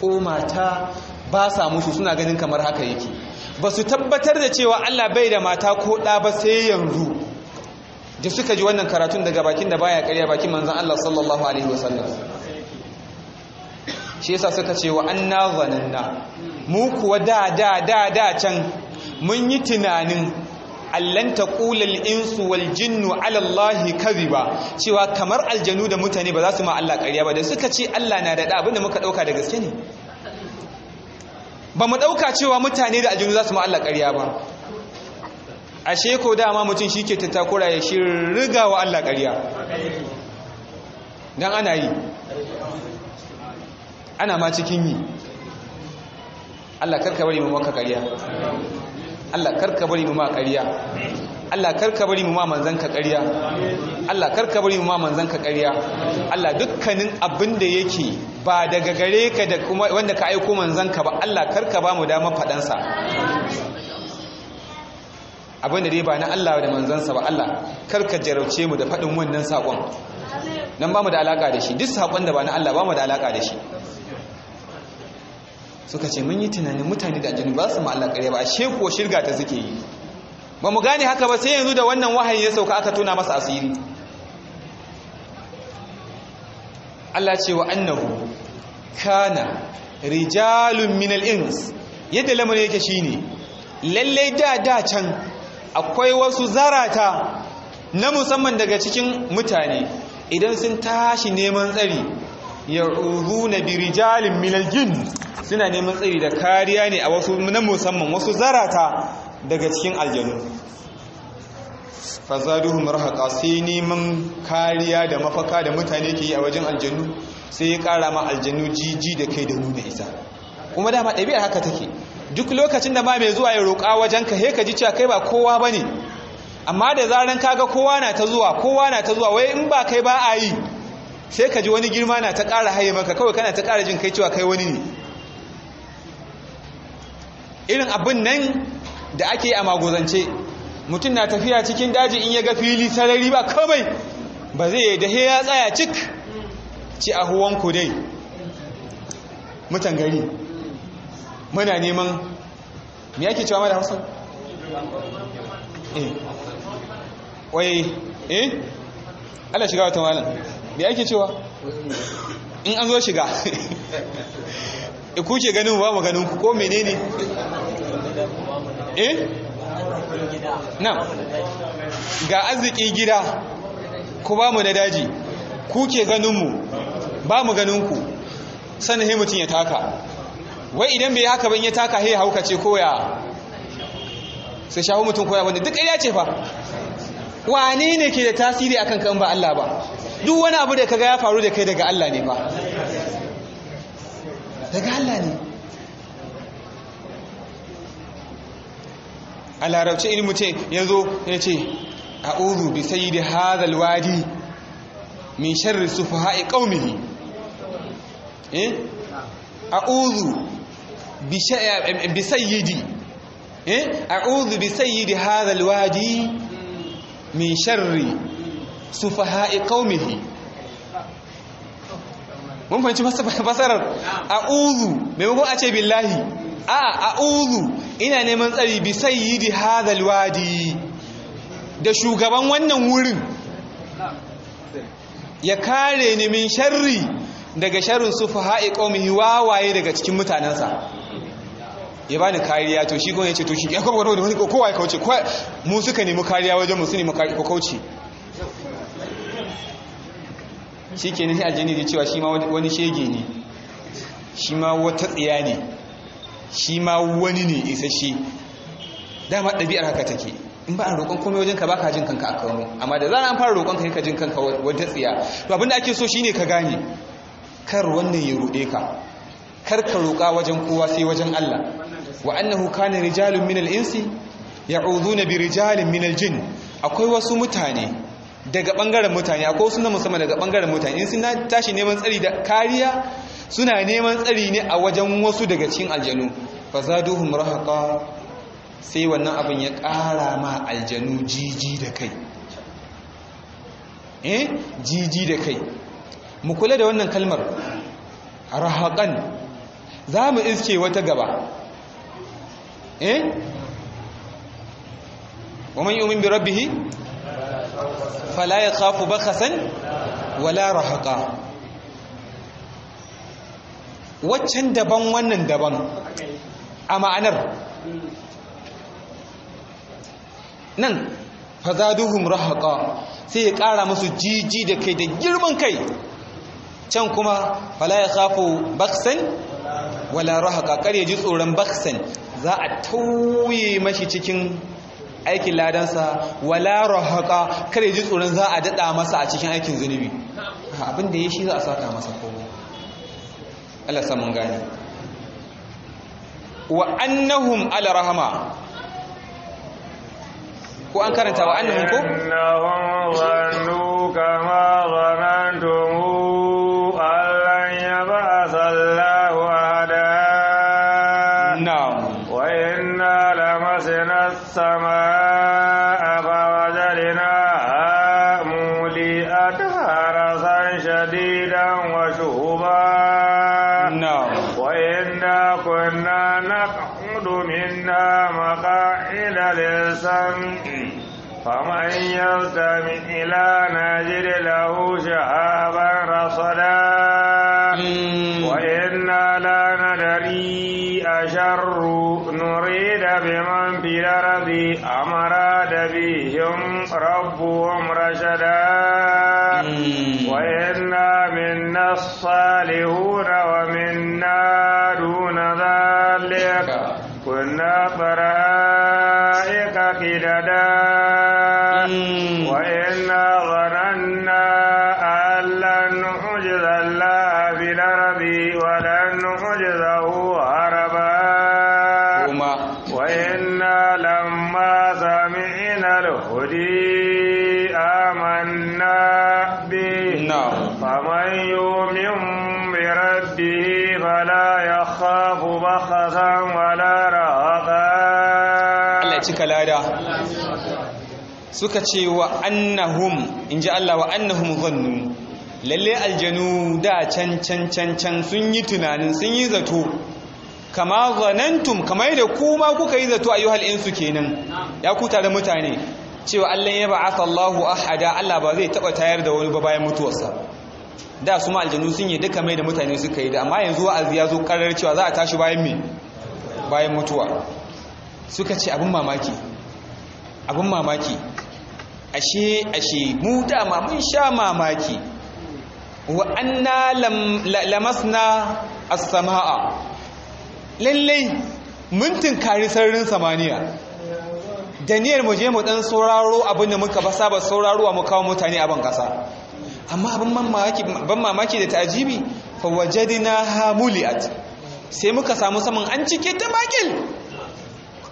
ko mata ba sa musu suna ganin kamar haka yake ba su tabbatar da cewa Allah bai da mata ko ɗa ba sai yanzu da suka ji wannan karatun daga bakin da baya karya bakin manzan Allah sallallahu alaihi wasallam shi yasa suka ce wa anna zananna mu kuwa da da da da can mun yi tunanin allan kulal al-insu wal jinnu ala Allah kadhiba cewa kamar aljanu da mutane ba za su ma Allah karya ba da suka ce Allah na da da muka ɗauka da gaske ne ba mu ɗauka cewa mutane da aljanu za su Allah ƙarya ba ashe ko dama mutum shi ke tattakura ya riga wa Allah ƙarya don ana yi ana ma cikin yi Allah karka bari mu maka ƙarya Allah karka bari mu ma ƙarya Allah karka bari mu ma manzan ka ƙarya Allah karka bari mu ma manzan ka ƙarya Allah dukkanin abin da yake ba daga gare ka da kuma wanda ka aiko manzan ka ba Allah karka ba mu dama fadan sa abin da dai ba na Allah da manzan sa ba Allah karka jarauce mu da faɗin wannan sakon nan ba mu da alaka da shi duk sakon da ba na Allah ba mu da alaka da shi suka ce mun yi tunanin mutane da aljanu ba su ma Allah ƙarya ba ashe ko shirga ta suke yi ba mu gane haka ba sai yanzu da wannan wahayi ya sauka aka tuna masa asiri Allah ce wa annahu kana rijalun al ins yadda lamarin yake shine Lallai da da can akwai wasu zarata na musamman daga cikin mutane idan sun tashi neman tsari ya na bi rijalin minal jin suna neman tsari da kariya ne a wasu na musamman wasu zarata daga cikin aljanu fazaduhum rahaqa sai neman kariya da mafaka da mutane ke yi a wajen aljanu sai ya kara ma aljanu jiji da kai da nuna isa. kuma dama ɗabi'ar haka take duk lokacin da ma mai zuwa ya roƙa wajen ka he ka ji cewa kai ba kowa bane amma da zaran kaga kowa na ta zuwa kowa na ta zuwa wai in ba kai ba a yi sai ka ji wani girma na ta ƙara haye maka kawai kana ta ƙara jin kai cewa kai wani ne irin abin nan da ake a magozance mutum na tafiya cikin daji in ya ga fili sarari ba kawai ba zai yi da ya tsaya cik ci a huwan dai mutan gari muna neman mai ake cewa mara hausa? eh wai eh ala shiga wata malam mai ake cewa in an zo shiga ku ganin ba mu ganin ku ko menene eh nan ga arziki gida ku ba mu da daji ku ke ganinmu ba mu ganinku sannan he mutum ya taka wai idan bai haka ban ya taka he haukace koya sai shahu mutum koya wanda duk ya ce fa wane ne ke da tasiri akan kan ba Allah ba duk wani abu da kaga ya faru da kai daga Allah ne ba daga Allah ne a larabci in ce ya zo ya ce a a'udhu bi sai sayyidi hadhal wadi min sharri sufaha'i qaumihi eh A bi bi sayyidi eh a'udhu bi sayyidi hadhal wadi min sharri sufaha'i qaumihi mun fahimci fasarar a'udhu maimakon a ce billahi a a'udhu ina neman tsari bi di hadal wadi da shugaban wannan wurin ya kare ni min sharri daga sharrin sufaha'i yi wawaye daga cikin mutanensa. ya bani kariya to shi gwan ce to shi ya kwa da wani kowa ya kauce mu suka nemi kariya wajen mu su nemi ko kauce shi ke nufi aljini da cewa shi ma wani shege ne shi ma wata tsiya ne shi ma wani ne isa shi. dama ɗabi'ar haka take in ba a roƙon komai wajen ka ba ka jin kanka a kanu amma da za a fara roƙon ka ka jin kanka wajen tsiya to abinda ake so shine ka gane kar wannan ya ruɗe ka kar ka roƙa wajen kowa sai wajen Allah wa annahu kana rijalun min al-insi ya'uduna bi rijalin min al akwai wasu mutane daga bangaren mutane akwai wasu na musamman daga bangaren mutane in sun tashi neman tsari da kariya suna neman tsari ne a wajen wasu daga cikin aljanu fa zaduhum rahaqa sai wannan abin ya ƙara ma aljanu jiji da kai eh jiji da kai mu kula da wannan kalmar rahaqan za mu iske wata gaba eh wa man yu'min bi rabbih fala yakhafu bakhasan wala rahaqa waccan daban wannan daban a ma'anar nan fazaduhum rahaqa sai ya kara musu jiji da kai da girman kai can kuma fala ya khafu baksan wala rahaqa kar ya ji tsoron baksan za a tauye mashi cikin aikin ladansa wala rahaqa kar ya ji tsoron za a dada masa a cikin aikin zunubi abin ya shi za a saka masa kowa Allah sa Gani. wa annahum ala rahama ko an karanta wa annahum ko annahum kama فمن يلتمس إلى ناجر له شهادة suka ce wa annahum in ji Allah wa annahum zannu lalle aljanu da can can can can sun yi tunanin sun yi zato kama zanantum kama yadda kuma kuka yi zato a ayyuhal insu kenan ya ku tare mutane cewa Allah ya ba'atha Allahu ahada Allah ba zai taba tayar da wani ba bayan mutuwarsa da su ma aljanu sun yi duka mai da mutane suka yi da amma yanzu wa'azi ya zo karar cewa za a tashi bayan me bayan mutuwa suka ce abin mamaki abin mamaki ashe ashe mu dama mun sha mamaki wa anna lamasna as-samaa lalle mun tinkari sararin samaniya daniel mu je mu dan sauraro abinda muka ba saba sauraro mu kawo mutane a ban kasa amma abin mamaki ban mamaki da ta'jibi fa wajadna hamuliat sai muka samu saman an cike ta makil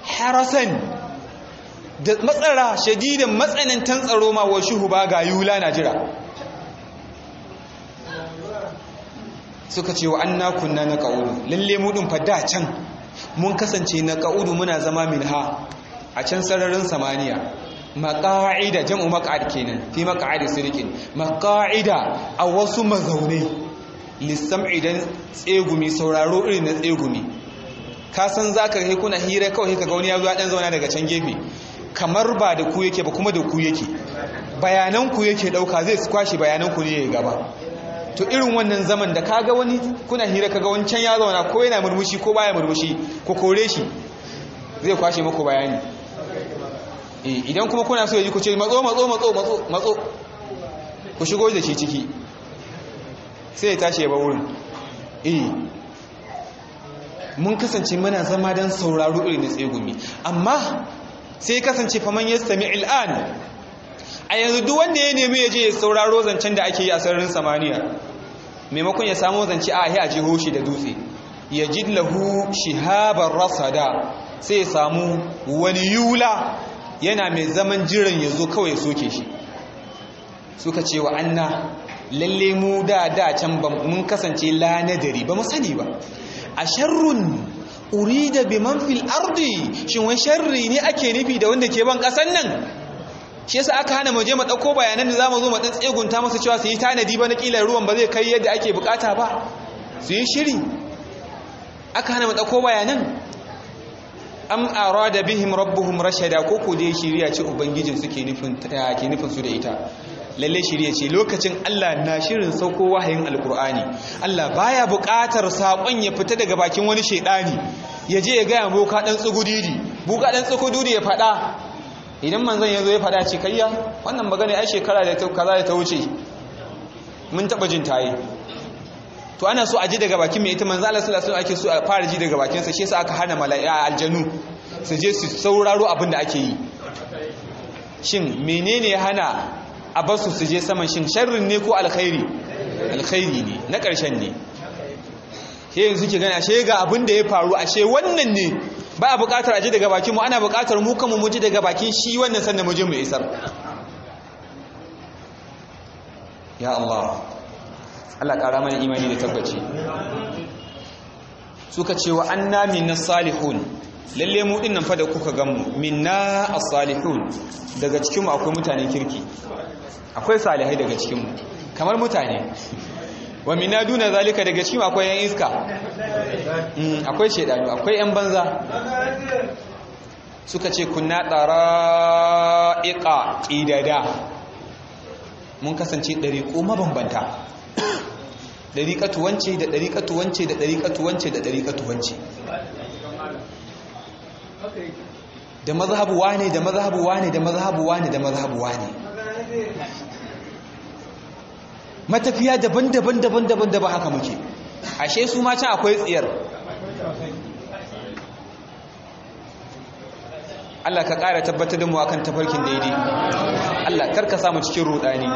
harasan da matsara shadidin matsanantan tsaro ma wa shuhuba ga yula na jira suka ce wa anna kunna na ka'udu lalle mu ɗin da can mun kasance na kaudu muna zama minha a can sararin samaniya maƙa'ida jam'u maƙa'id kenan fi maƙa'id sirikin maƙa'ida a wasu mazaune lissam idan tsegumi sauraro irin na tsegumi ka san za ka kuna hira kawai ka gauni ya zuwa ɗan zauna daga can gefe kamar ba da ku yake ba kuma da ku yake bayanan ku yake dauka zai su kwashe bayanan ku ne ya gaba to irin wannan zaman da kaga wani kuna hira kaga wancan ya zauna ko yana murmushi ko baya murmushi ko kore shi zai kwashe muku bayani eh, idan kuma kuna so ya ji ku ce matso matso matso matso matso ku shigo da shi ciki sai ya tashi ya ba wurin eh mun kasance muna zama don sauraro irin na tsegumi amma sai kasance faman sami il'an? a yanzu duk wanda ya nemi ya je ya sauraro zancen da ake yi a sararin samaniya maimakon ya samu zance a ahi a jeho shi da dutse ya ji lahu shihabar rasada sai ya samu wani yula yana mai zaman jiran ya zo kawai soke shi suka ce wa anna lalle mu da da can mun kasance lanadari ba mu sani ba a sharrun urida bi man fil ardi shin wai sharri ne ake nufi da wanda ke ban kasan nan shi yasa aka hana mu je mu dauko bayanan da zamu zo mu dan tsegunta masa cewa su yi tanadi ba na kila ruwan ba zai kai yadda ake bukata ba su yi shiri aka hana mu dauko bayanan am arada bihim rabbuhum rashada ko ko dai shiriya ce ubangijin suke nufin eh, ke nufin su da ita lalle ya ce lokacin Allah na shirin sauko wahayin alkur'ani Allah baya buƙatar saƙon ya fita daga bakin wani shaidani ya je ya gaya buka ɗan tsugudidi Buka ɗan tsugudidi ya faɗa idan manzan ya zo ya faɗa ce kayya wannan magana ai shekara da ta kaza da ta wuce mun taɓa jin tayi to ana so a ji daga bakin mai ita manzan Allah sallallahu alaihi wasallam ake so a fara ji daga bakin sa shi yasa aka hana mala'ika aljanu su je su sauraro abin da ake yi shin menene ya hana a basu su je saman shin sharrin ne ko alkhairi alkhairi ne na ƙarshen ne ke yanzu ke gani ashe ga abin da ya faru ashe wannan ne ba a buƙatar aje daga bakin mu ana buƙatar mu kanmu mu ji daga bakin shi wannan sannan mu je mu isar ya Allah Allah ƙara mana imani da tabbaci suka ce wa anna minna salihun lalle mu dinnan fa da kuka gan mu minna a salihun daga cikinmu akwai mutanen kirki akwai salihai daga cikinmu kamar mutane wa mina duna zalika daga cikin akwai yan iska mm, akwai shedanu akwai yan banza suka ce kunna tsara'iƙa ƙidada mun kasance ko mabambanta ɗariƙatu wance da ɗariƙatu wance da ɗariƙatu wance da ɗariƙatu wance da mazhabu wane da mazhabu wane da mazhabu wane da mazhabu wane matafiya daban-daban daban-daban da haka muke ashe su ma ci akwai tsiyar Allah ka ƙara tabbatar da mu akan tafarkin daidai Allah karka samu cikin rudani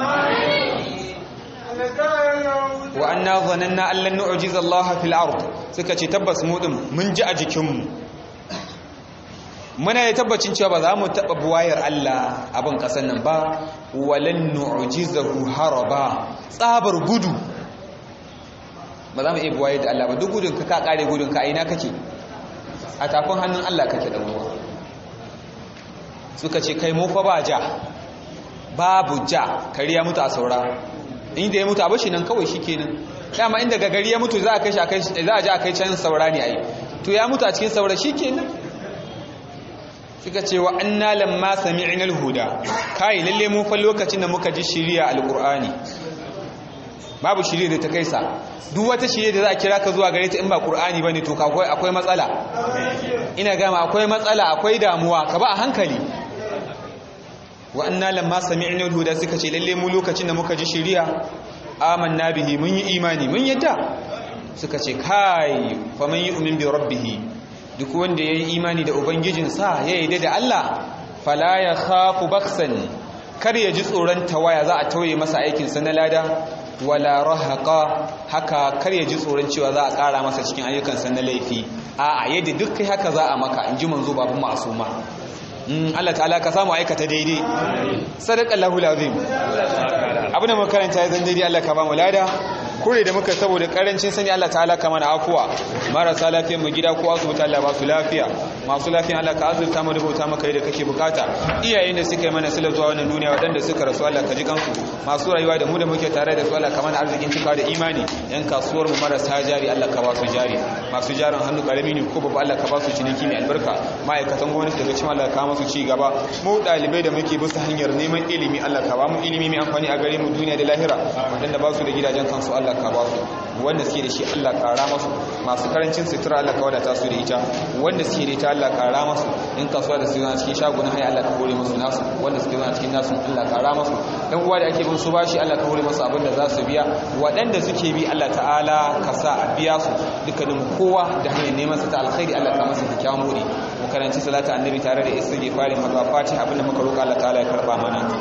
wa anna zananna lan nu'jiza Allah fil ard suka ce tabbas mu din mun ji a jikin mu muna da tabbacin cewa ba za mu taɓa buwayar Allah abin ƙasar nan ba walan nu'jizahu haraba tsabar gudu ba za mu iya buwayar da Allah ba duk gudun ka ka kare gudun ka aina kake a takon hannun Allah kake da ruwa. suka ce kai mu fa ba ja babu ja Kari ya mutu a saura inda ya mutu a bashi nan kawai shi shikenan dama inda gagari ya mutu za a kai shi za a ji a kai can saura ne yi to ya mutu a cikin saura shi nan. suka ce wa ma sami sami'na alhuda kai lalle mu fa lokacin da muka ji shiriya alqur'ani babu shiriya da ta kaisa duk wata shiriya da za a kira ka zuwa gare ta in ba qur'ani bane to akwai akwai matsala ina gama akwai matsala akwai damuwa ka ba a hankali wa ma lamma sami'na alhuda suka ce lalle mu lokacin da muka ji shiriya amanna bihi mun yi imani mun yadda suka ce kai fa man yu'min bi rabbihi duk wanda ya yi imani da ubangijinsa ya yi da Allah fala ya khafu baksan kar ya ji tsoron tawaya za a tauye masa aikinsa na lada wala rahaqa haka kar ya ji tsoron cewa za a ƙara masa cikin ayyukansa na laifi a'a yadda duk kai haka za a maka in ji manzo a suma. Mm, Allah ta'ala ka samu aikata daidai sadaqa lahul azim makaranta ya zan daidai Allah ka ba mu lada kure da muka saboda karancin sani Allah ta'ala kamar akuwa marasa lafiyar mu gida ko asu Allah ba su lafiya masu lafiya Allah ka azurta mu rubuta maka yadda kake bukata iyayen da suka yi mana silar zuwa wannan duniya waɗanda suka rasu Allah ka ji kansu masu rayuwa da mu da muke tare da su Allah ka mana arzikin cika da imani yan kasuwar mu marasa jari Allah ka ba su jari masu jarin hannu karami ne ko babu Allah ka ba su ciniki mai albarka ma'aikatan gwamnati daga cikin Allah ka masu ci gaba mu dalibai da muke bisa hanyar neman ilimi Allah ka ba mu ilimi mai amfani a gare mu duniya da lahira waɗanda ba su da gidajen kansu Allah ka ba su wanda suke da shi Allah ka rama su masu karancin sutura Allah ka wadata su da ita wanda suke da ita Allah kara masu in kasuwa da suke zana cikin shagunan haya Allah ka hore masu nasu wanda suke zana cikin nasu Allah kara masu yan uwa da ake bin su bashi Allah ka hore masu abin da za su biya waɗanda suke bi Allah ta'ala ka sa a biya su dukkanin kowa da hanyar neman sa ta alkhairi Allah ka masa kyakkyawan hore mu karanci salatu annabi tare da istighfarin fati abin da muka roƙa Allah ta'ala ya karba mana